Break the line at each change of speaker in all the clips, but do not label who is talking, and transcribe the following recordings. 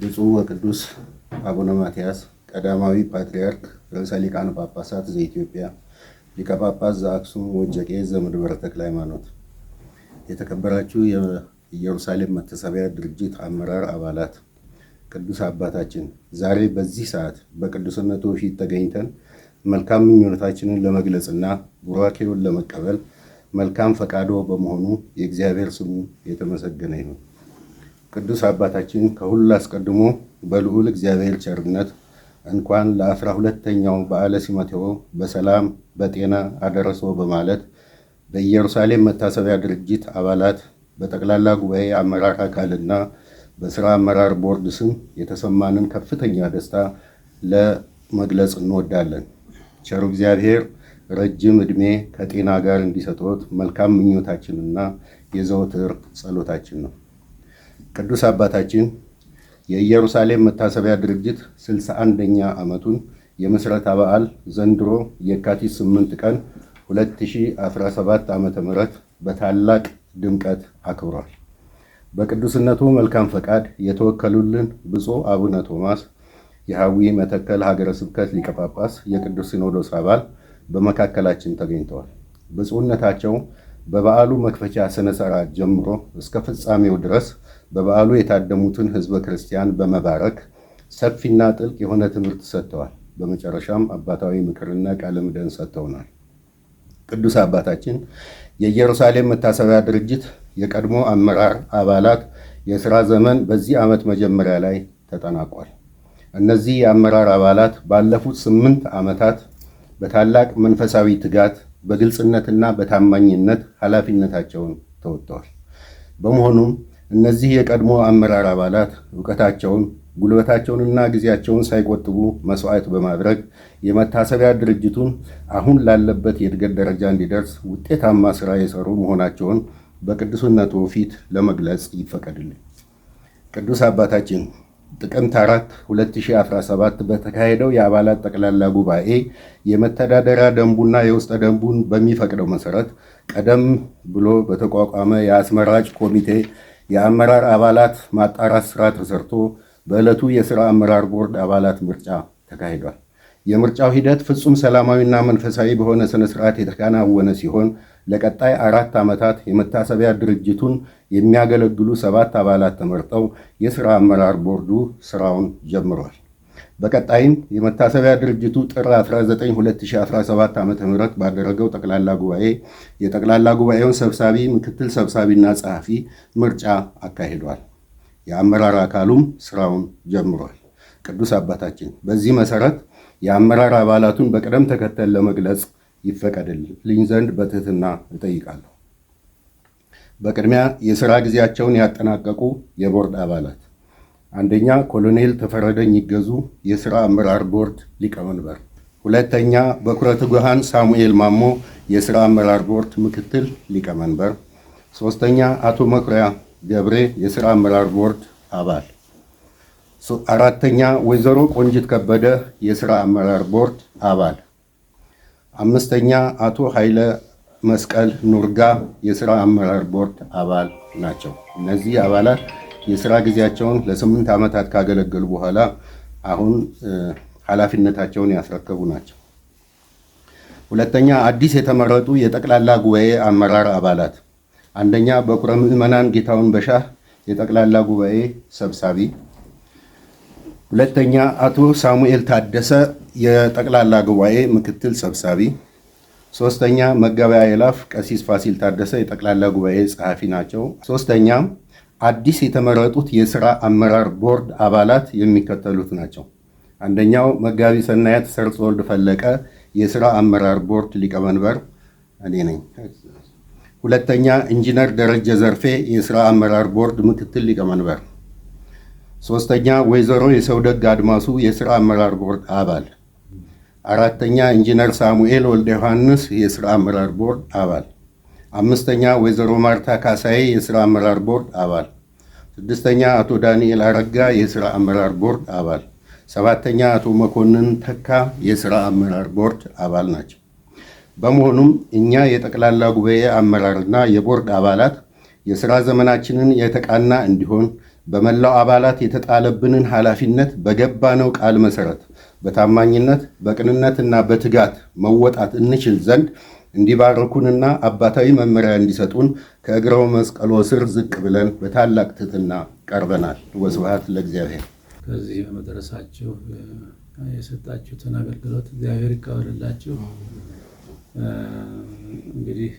ብፁዕ ወቅዱስ አቡነ ማትያስ ቀዳማዊ ፓትርያርክ ርዕሰ ሊቃነ ጳጳሳት ዘኢትዮጵያ ሊቀ ጳጳስ ዘአክሱም ወእጨጌ ዘመንበረ ተክለ ሃይማኖት፣ የተከበራችሁ የኢየሩሳሌም መታሰቢያ ድርጅት አመራር አባላት፣ ቅዱስ አባታችን ዛሬ በዚህ ሰዓት በቅዱስነቱ ፊት ተገኝተን መልካም ምኞታችንን ለመግለጽና ቡራኬውን ለመቀበል መልካም ፈቃዶ በመሆኑ የእግዚአብሔር ስሙ የተመሰገነ ይሁን። ቅዱስ አባታችን ከሁሉ አስቀድሞ በልዑል እግዚአብሔር ቸርነት እንኳን ለአስራ ሁለተኛው በዓለ ሲመቴዎ በሰላም በጤና አደረሶ በማለት በኢየሩሳሌም መታሰቢያ ድርጅት አባላት በጠቅላላ ጉባኤ አመራር አካልና በስራ አመራር ቦርድ ስም የተሰማንን ከፍተኛ ደስታ ለመግለጽ እንወዳለን። ቸሩ እግዚአብሔር ረጅም ዕድሜ ከጤና ጋር እንዲሰጦት መልካም ምኞታችንና የዘወትር ጸሎታችን ነው። ቅዱስ አባታችን የኢየሩሳሌም መታሰቢያ ድርጅት 61ኛ ዓመቱን የምስረታ በዓል ዘንድሮ የካቲት 8 ቀን 2017 ዓ.ም በታላቅ ድምቀት አክብሯል። በቅዱስነቱ መልካም ፈቃድ የተወከሉልን ብፁዕ አቡነ ቶማስ የሐዊ መተከል ሀገረ ስብከት ሊቀ ጳጳስ፣ የቅዱስ ሲኖዶስ አባል በመካከላችን ተገኝተዋል። ብፁዕነታቸው በበዓሉ መክፈቻ ስነ ስርዓት ጀምሮ እስከ ፍጻሜው ድረስ በበዓሉ የታደሙትን ህዝበ ክርስቲያን በመባረክ ሰፊና ጥልቅ የሆነ ትምህርት ሰጥተዋል። በመጨረሻም አባታዊ ምክርና ቃለ ምዕዳን ሰጥተውናል። ቅዱስ አባታችን የኢየሩሳሌም መታሰቢያ ድርጅት የቀድሞ አመራር አባላት የሥራ ዘመን በዚህ ዓመት መጀመሪያ ላይ ተጠናቋል። እነዚህ የአመራር አባላት ባለፉት ስምንት ዓመታት በታላቅ መንፈሳዊ ትጋት በግልጽነትና በታማኝነት ኃላፊነታቸውን ተወጥተዋል። በመሆኑም እነዚህ የቀድሞ አመራር አባላት እውቀታቸውን ጉልበታቸውንና ጊዜያቸውን ሳይቆጥቡ መስዋዕት በማድረግ የመታሰቢያ ድርጅቱን አሁን ላለበት የእድገት ደረጃ እንዲደርስ ውጤታማ ስራ የሰሩ መሆናቸውን በቅዱስነቱ ፊት ለመግለጽ ይፈቀድልን። ቅዱስ አባታችን ጥቅምት 4 2017 በተካሄደው የአባላት ጠቅላላ ጉባኤ የመተዳደሪያ ደንቡና የውስጠ ደንቡን በሚፈቅደው መሰረት ቀደም ብሎ በተቋቋመ የአስመራጭ ኮሚቴ የአመራር አባላት ማጣራት ስራ ተሰርቶ በዕለቱ የሥራ አመራር ቦርድ አባላት ምርጫ ተካሂዷል። የምርጫው ሂደት ፍጹም ሰላማዊና መንፈሳዊ በሆነ ስነስርዓት ስርዓት የተከናወነ ሲሆን ለቀጣይ አራት ዓመታት የመታሰቢያ ድርጅቱን የሚያገለግሉ ሰባት አባላት ተመርጠው የሥራ አመራር ቦርዱ ሥራውን ጀምሯል። በቀጣይም የመታሰቢያ ድርጅቱ ጥር 19 2017 ዓ ም ባደረገው ጠቅላላ ጉባኤ የጠቅላላ ጉባኤውን ሰብሳቢ፣ ምክትል ሰብሳቢና ጸሐፊ ምርጫ አካሂዷል። የአመራር አካሉም ስራውን ጀምሯል። ቅዱስ አባታችን በዚህ መሰረት የአመራር አባላቱን በቅደም ተከተል ለመግለጽ ይፈቀድልኝ ዘንድ በትህትና እጠይቃለሁ። በቅድሚያ የሥራ ጊዜያቸውን ያጠናቀቁ የቦርድ አባላት፣ አንደኛ ኮሎኔል ተፈረደኝ ይገዙ የሥራ አመራር ቦርድ ሊቀመንበር፣ ሁለተኛ በኩረ ትጉሃን ሳሙኤል ማሞ የሥራ አመራር ቦርድ ምክትል ሊቀመንበር፣ ሦስተኛ አቶ መኩሪያ ገብሬ የሥራ አመራር ቦርድ አባል፣ አራተኛ ወይዘሮ ቆንጅት ከበደ የሥራ አመራር ቦርድ አባል አምስተኛ አቶ ኃይለ መስቀል ኑርጋ የስራ አመራር ቦርድ አባል ናቸው። እነዚህ አባላት የስራ ጊዜያቸውን ለስምንት ዓመታት ካገለገሉ በኋላ አሁን ኃላፊነታቸውን ያስረከቡ ናቸው። ሁለተኛ አዲስ የተመረጡ የጠቅላላ ጉባኤ አመራር አባላት፣ አንደኛ በኩረ ምዕመናን ጌታውን በሻህ የጠቅላላ ጉባኤ ሰብሳቢ፣ ሁለተኛ አቶ ሳሙኤል ታደሰ የጠቅላላ ጉባኤ ምክትል ሰብሳቢ፣ ሶስተኛ መገበያ የላፍ ቀሲስ ፋሲል ታደሰ የጠቅላላ ጉባኤ ጸሐፊ ናቸው። ሶስተኛ አዲስ የተመረጡት የስራ አመራር ቦርድ አባላት የሚከተሉት ናቸው። አንደኛው መጋቢ ሰናያት ሰርጸወልድ ፈለቀ የስራ አመራር ቦርድ ሊቀመንበር እኔ ነኝ። ሁለተኛ ኢንጂነር ደረጀ ዘርፌ የስራ አመራር ቦርድ ምክትል ሊቀመንበር። ሶስተኛ ወይዘሮ የሰውደግ አድማሱ የስራ አመራር ቦርድ አባል አራተኛ ኢንጂነር ሳሙኤል ወልደ ዮሐንስ የስራ አመራር ቦርድ አባል፣ አምስተኛ ወይዘሮ ማርታ ካሳዬ የስራ አመራር ቦርድ አባል፣ ስድስተኛ አቶ ዳንኤል አረጋ የስራ አመራር ቦርድ አባል፣ ሰባተኛ አቶ መኮንን ተካ የስራ አመራር ቦርድ አባል ናቸው። በመሆኑም እኛ የጠቅላላ ጉባኤ አመራርና የቦርድ አባላት የስራ ዘመናችንን የተቃና እንዲሆን በመላው አባላት የተጣለብንን ኃላፊነት በገባነው ቃል መሰረት። በታማኝነት በቅንነትና በትጋት መወጣት እንችል ዘንድ እንዲባርኩንና አባታዊ መመሪያ እንዲሰጡን ከእግረው መስቀሎ ስር ዝቅ ብለን በታላቅ ትህትና ቀርበናል። ወስብሐት ለእግዚአብሔር።
ከዚህ በመድረሳችሁ የሰጣችሁትን አገልግሎት እግዚአብሔር ይቀበልላችሁ። እንግዲህ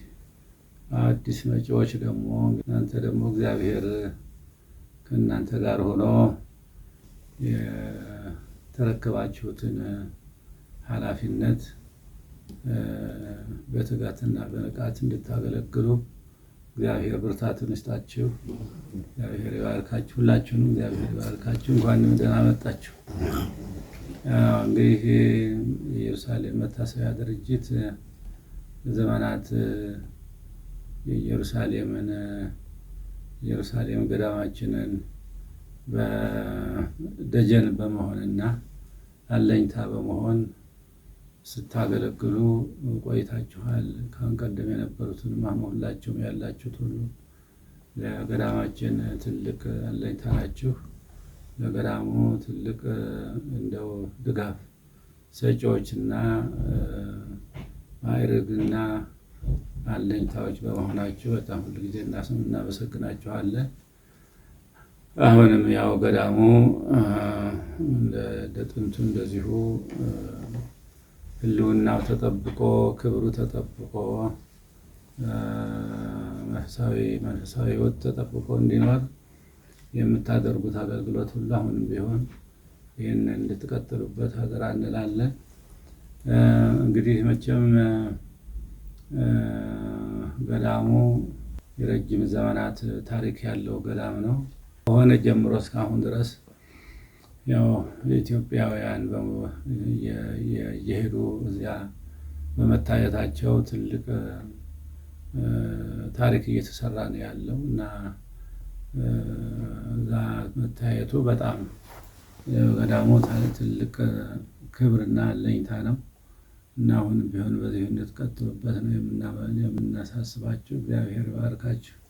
አዲስ መጪዎች ደግሞ እናንተ ደግሞ እግዚአብሔር ከእናንተ ጋር ሆኖ የተረከባችሁትን ኃላፊነት በትጋትና በንቃት እንድታገለግሉ እግዚአብሔር ብርታትን ይስጣችሁ። እግዚአብሔር ይባርካችሁ። ሁላችሁንም እግዚአብሔር ይባርካችሁ። እንኳንም ደህና መጣችሁ። እንግዲህ የኢየሩሳሌም መታሰቢያ ድርጅት ዘመናት የኢየሩሳሌምን ኢየሩሳሌም ገዳማችንን በደጀን በመሆንና አለኝታ በመሆን ስታገለግሉ ቆይታችኋል። ካሁን ቀደም የነበሩትን አሁን ያላችሁት ሁሉ ለገዳማችን ትልቅ አለኝታ ናችሁ። ለገዳሙ ትልቅ እንደው ድጋፍ ሰጪዎችና አይርግና አለኝታዎች በመሆናችሁ በጣም ሁሉ ጊዜ እናመሰግናችኋለን። አሁንም ያው ገዳሙ እንደ ጥንቱ እንደዚሁ ህልውናው ተጠብቆ ክብሩ ተጠብቆ መንፈሳዊ መንፈሳዊ ህይወት ተጠብቆ እንዲኖር የምታደርጉት አገልግሎት ሁሉ አሁንም ቢሆን ይህን እንድትቀጥሉበት ሀገር እንላለን። እንግዲህ መቼም ገዳሙ የረጅም ዘመናት ታሪክ ያለው ገዳም ነው። ከሆነ ጀምሮ እስካሁን ድረስ ያው ኢትዮጵያውያን እየሄዱ እዚያ በመታየታቸው ትልቅ ታሪክ እየተሰራ ነው ያለው እና እዛ መታየቱ በጣም ገዳሙ ትልቅ ክብርና ለኝታ ነው እና አሁን ቢሆን በዚህ እንድትቀጥሉበት ነው የምናሳስባችሁ። እግዚአብሔር ባርካችሁ።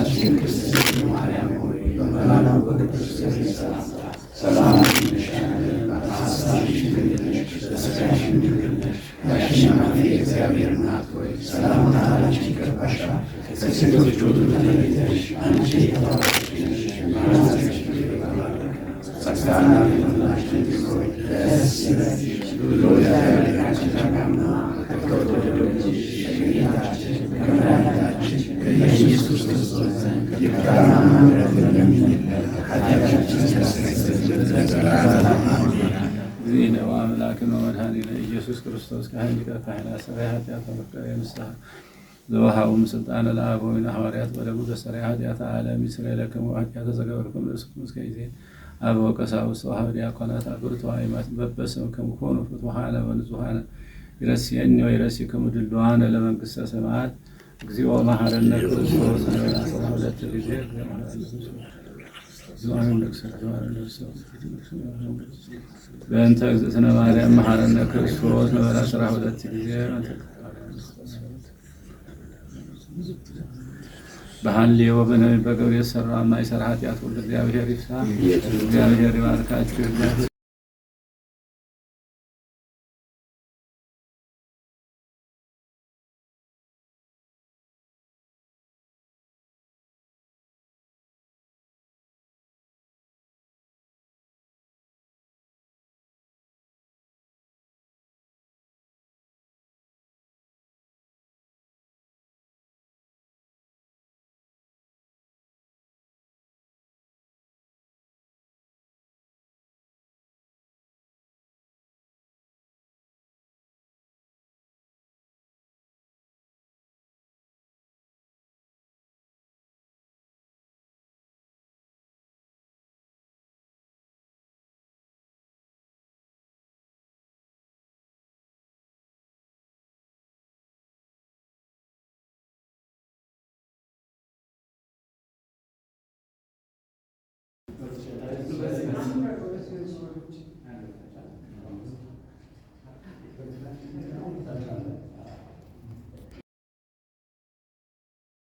እናታችን ክርስቲያን ማርያም ሆይ በመላው በቅዱስ እግዚአብሔር ሰላምታ ሰላም ይነሻለን። ሐሳብሽ ድንግል ነሽ፣ ሥጋሽም ድንግል ነሽ። ያሸናፊ እግዚአብሔር እናት ሆይ ሰላምታ ላንቺ ይገባሻል። ከሴቶች ሁሉ ተለይተሽ አንቺ የተባረክሽ ነሽ፣ መናፍቅሽ ይባረካል። ጸጋና ልምላሽ ድንግል ሆይ ደስ ይበልሽ፣ ብሎ ያያሌናችን ተቃምና አምላክነ መድኃኒነ ኢየሱስ ክርስቶስ ካህን ሊቀ ካህናት ሠራይ ኃጢአት ወመፍቀሬ ንስሐ ዘወሃቡም ስልጣነ ለአበ ወወልድ ሐዋርያት ወለሙ ዘሠራይ ኃጢአተ ዓለም ይሥረይ ለክሙ ኃጢአተ ዘገበርክሙ ንስኩም እስከ ጊዜ አበ ወቀሳውስት ወኀበ ዲያቆናት አበርቱ አእማት በበሰብክሙ ኮኑ ፍቱሐነ ወንጹሐነ ይረስየኒ ወይረስይክሙ ድሉዋነ ለመንግሥተ ሰማያት እግዚኦ መሐረነ ክርስቶስ ጊዜ በእንተ እግዝእትነ ማርያም መሐረነ ክርስቶስ መበል አስራ ሁለት ጊዜ ኃጢአት ሁሉ እግዚአብሔር ይፍታ። እግዚአብሔር ይባርካችሁ። resolution. Resolution.